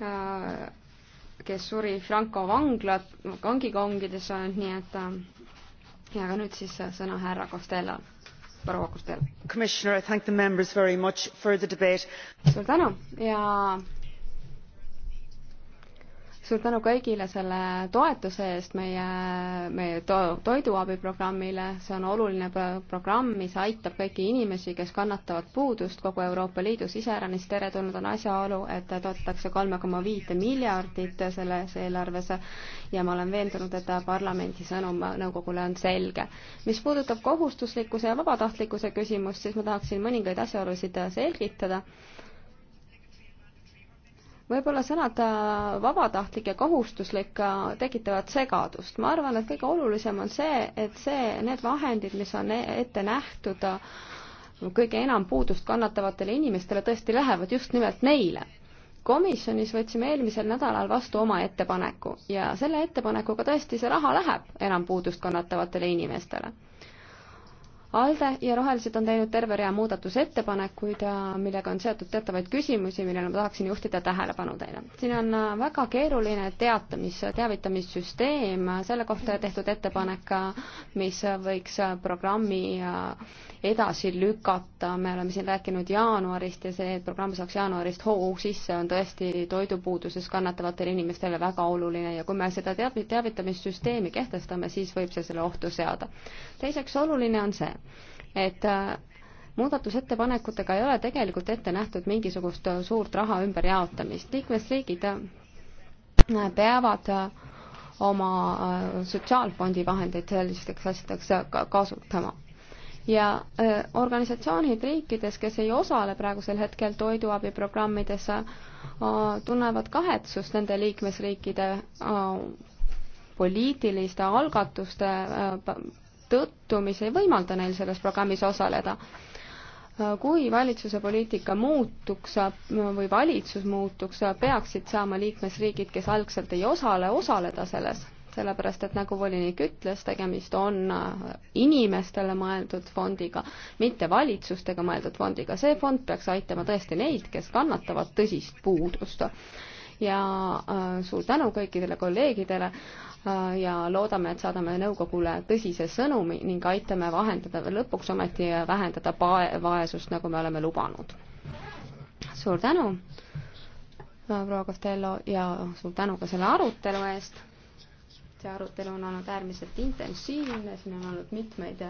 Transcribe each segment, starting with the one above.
Äh, kes suri Franco vangla, vangikongides, nii et äh, ja aga nüüd siis äh, sõna härra Costello, proua Costello. suur tänu ja suur tänu kõigile selle toetuse eest meie, meie to, toiduabiprogrammile, see on oluline programm, mis aitab kõiki inimesi, kes kannatavad puudust kogu Euroopa Liidus, iseäranis teretulnud on asjaolu, et toetatakse kolme koma viite miljardit selles eelarves ja ma olen veendunud, et parlamendi sõnum nõukogule on selge. mis puudutab kohustuslikkuse ja vabatahtlikkuse küsimust, siis ma tahaksin mõningaid asjaolusid selgitada võib-olla sõnad äh, vabatahtlik ja kohustuslik äh, tekitavad segadust. ma arvan, et kõige olulisem on see, et see, need vahendid, mis on e-, ette nähtud äh, kõige enam puudust kannatavatele inimestele, tõesti lähevad just nimelt neile. komisjonis võtsime eelmisel nädalal vastu oma ettepaneku ja selle ettepanekuga tõesti see raha läheb enam puudust kannatavatele inimestele ALDE ja Rohelised on teinud terve rea muudatusettepanekuid, äh, millega on seotud teatavaid küsimusi, millele ma tahaksin juhtida tähelepanu teile. siin on äh, väga keeruline teatamis, teavitamissüsteem, äh, selle kohta tehtud ettepanek, mis võiks programmi edasi lükata, me oleme siin rääkinud jaanuarist ja see, et programm saaks jaanuarist hoo sisse, on tõesti toidupuuduses kannatavatele inimestele väga oluline ja kui me seda teavi-, teavitamissüsteemi kehtestame, siis võib see selle ohtu seada. teiseks oluline on see, et äh, muudatusettepanekutega ei ole tegelikult ette nähtud mingisugust äh, suurt raha ümberjaotamist. liikmesriigid äh, peavad oma sotsiaalfondi vahendeid sellisteks asjadeks kasutama. ja organisatsioonid riikides, kes ei osale praegusel hetkel toiduabiprogrammides, tunnevad kahetsust nende liikmesriikide poliitiliste algatuste tõttu, mis ei võimalda neil selles programmis osaleda. kui valitsuse poliitika muutuks või valitsus muutuks, peaksid saama liikmesriigid, kes algselt ei osale, osaleda selles, sellepärast et nagu volinik ütles, tegemist on inimestele mõeldud fondiga, mitte valitsustega mõeldud fondiga. see fond peaks aitama tõesti neid, kes kannatavad tõsist puudust ja äh, suur tänu kõikidele kolleegidele äh, ja loodame, et saadame nõukogule tõsise sõnumi ning aitame vahendada, lõpuks ometi vähendada vaesust, nagu me oleme lubanud. suur tänu, äh, proua Costello, ja suur tänu ka selle arutelu eest. see arutelu on olnud äärmiselt intensiivne, siin on olnud mitmeid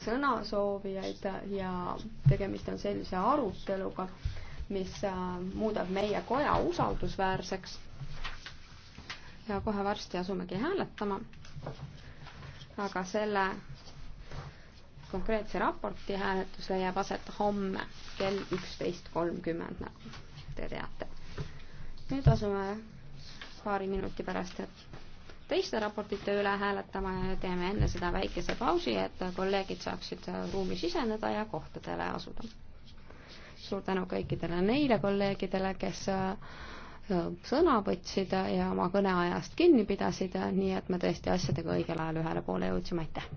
sõnasoovijaid ja tegemist on sellise aruteluga, mis äh, muudab meie koja usaldusväärseks. ja kohe varsti asumegi hääletama. aga selle konkreetse raporti hääletus leiab aset homme kell üksteist kolmkümmend, nagu te teate. nüüd asume paari minuti pärast teiste raportite üle hääletama ja teeme enne seda väikese pausi, et kolleegid saaksid ruumi siseneda ja kohtadele asuda suur tänu kõikidele neile kolleegidele, kes äh, sõna võtsid ja oma kõneajast kinni pidasid, nii et me tõesti asjadega õigel ajal ühele poole jõudsime, aitäh!